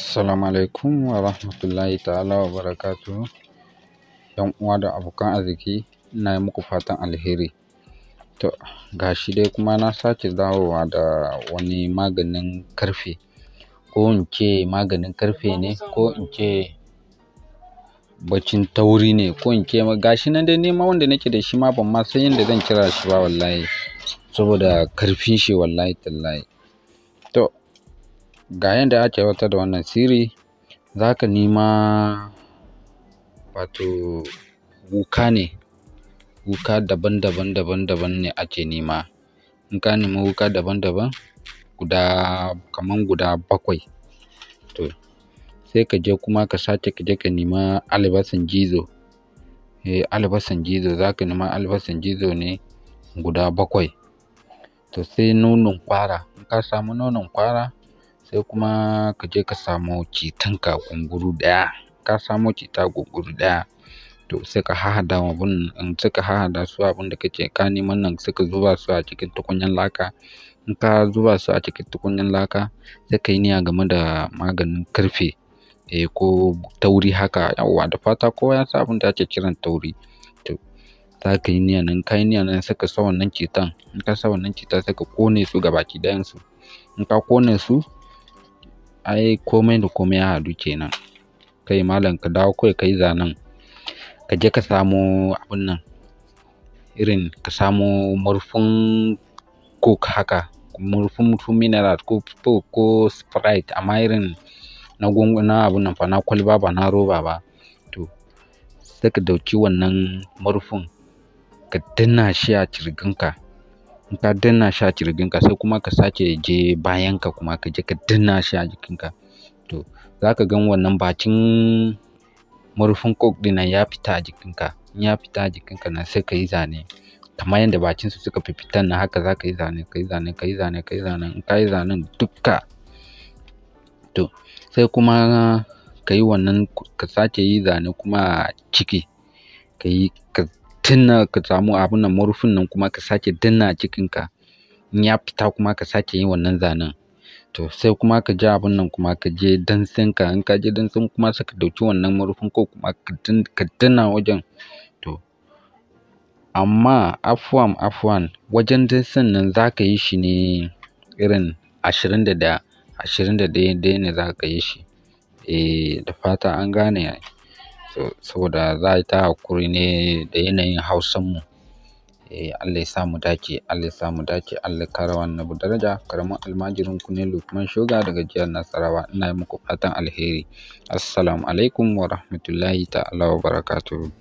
Assalamu alaikum wa rahmatullahi ta'ala wa barakatu. ‘Yan uwa da abokan arziki, ina yi muku fatan alheri. To, ga shi dai kuma na sake dawowa da wani maganin karfe, ko in ce maganin karfe ne, ko in ce bacin tauri ne, ko in ce ga shi nan dai nema wanda nake da shi ma ban ma san yadda zan kira shi ba wallahi, saboda karfin shi wallahi tallahi. To, ga yadda ake wata da wannan sirri za ka nema wato wuka ne wuka daban daban daban daban ne ake nema in ka nemi wuka daban daban guda kaman guda bakwai to sai ka je kuma ka sake ka je ka nema albasan jizo eh albasan jizo za ka nema albasan jizo ne guda bakwai to sai nonon kwara in ka samu nonon kwara sai kuma ka je ka samo ka gunguru ɗaya ka samo cita gunguru ɗaya to sai ka hada abun in suka hada su abun da kake ka neman nan suka zuba su a cikin tukunyan laka in ka zuba su a cikin tukunyan laka sai ka yi niyya game da maganin karfe eh ko tauri haka yawwa da fata kowa ya san abun da ake kiran tauri to za ka yi niyya nan ka yi niyya nan sai ka sa wannan citan in ka sa wannan cita sai ka ƙone su gabaki ɗayan su in ka ƙone su ai komai da komai ya haɗu kenan kai malam ka dawo kai kai zanen ka je ka samo abin nan irin ka samo murfin coke haka murfin murfin mineral ko ko sprite amma irin na gungun na abin nan fa na kwalba ba na roba ba to sai ka dauki wannan murfin ka danna shi a ka. in ka danna shi a ka, sai kuma ka sake je bayanka kuma ka je ka danna shi a jikinka to za ka gan wannan bakin murfin coke ɗin ya fita a jikinka in ya fita a jikinka nan sai ka yi zane kamar yadda su suka fitan nan haka za ka yi zane ka yi zane ka yi zane ka yi zane in ka yi zanen dukka to sai kuma ka yi wannan ka sake yi zane kuma a ciki ka yi ka dinna ka samu abun nan marufin nan kuma ka sake danna cikinka in ya fita kuma ka sake yin wannan zanen to sai kuma ka je abun nan kuma ka je ka in ka je dansin kuma sai ka dauki wannan marufin ko kuma ka danna wajen to amma afwan afwan wajen dansin nan za ka yi shi ne irin ashirin da ɗaya ashirin da ɗaya ne za ka yi shi eh da fata an gane saboda za a yi ta hakuri ne da yanayin Hausanmu. Eh, Allah ya sa mu dace, Allah ya sa mu dace, Allah ya kara wannan daraja. Karamin almajirin ku ne Lukman shuga daga jihar Nasarawa. Ina yi muku fatan alheri. Assalamu alaikum wa rahmatullahi ta'ala wa barakatuhu.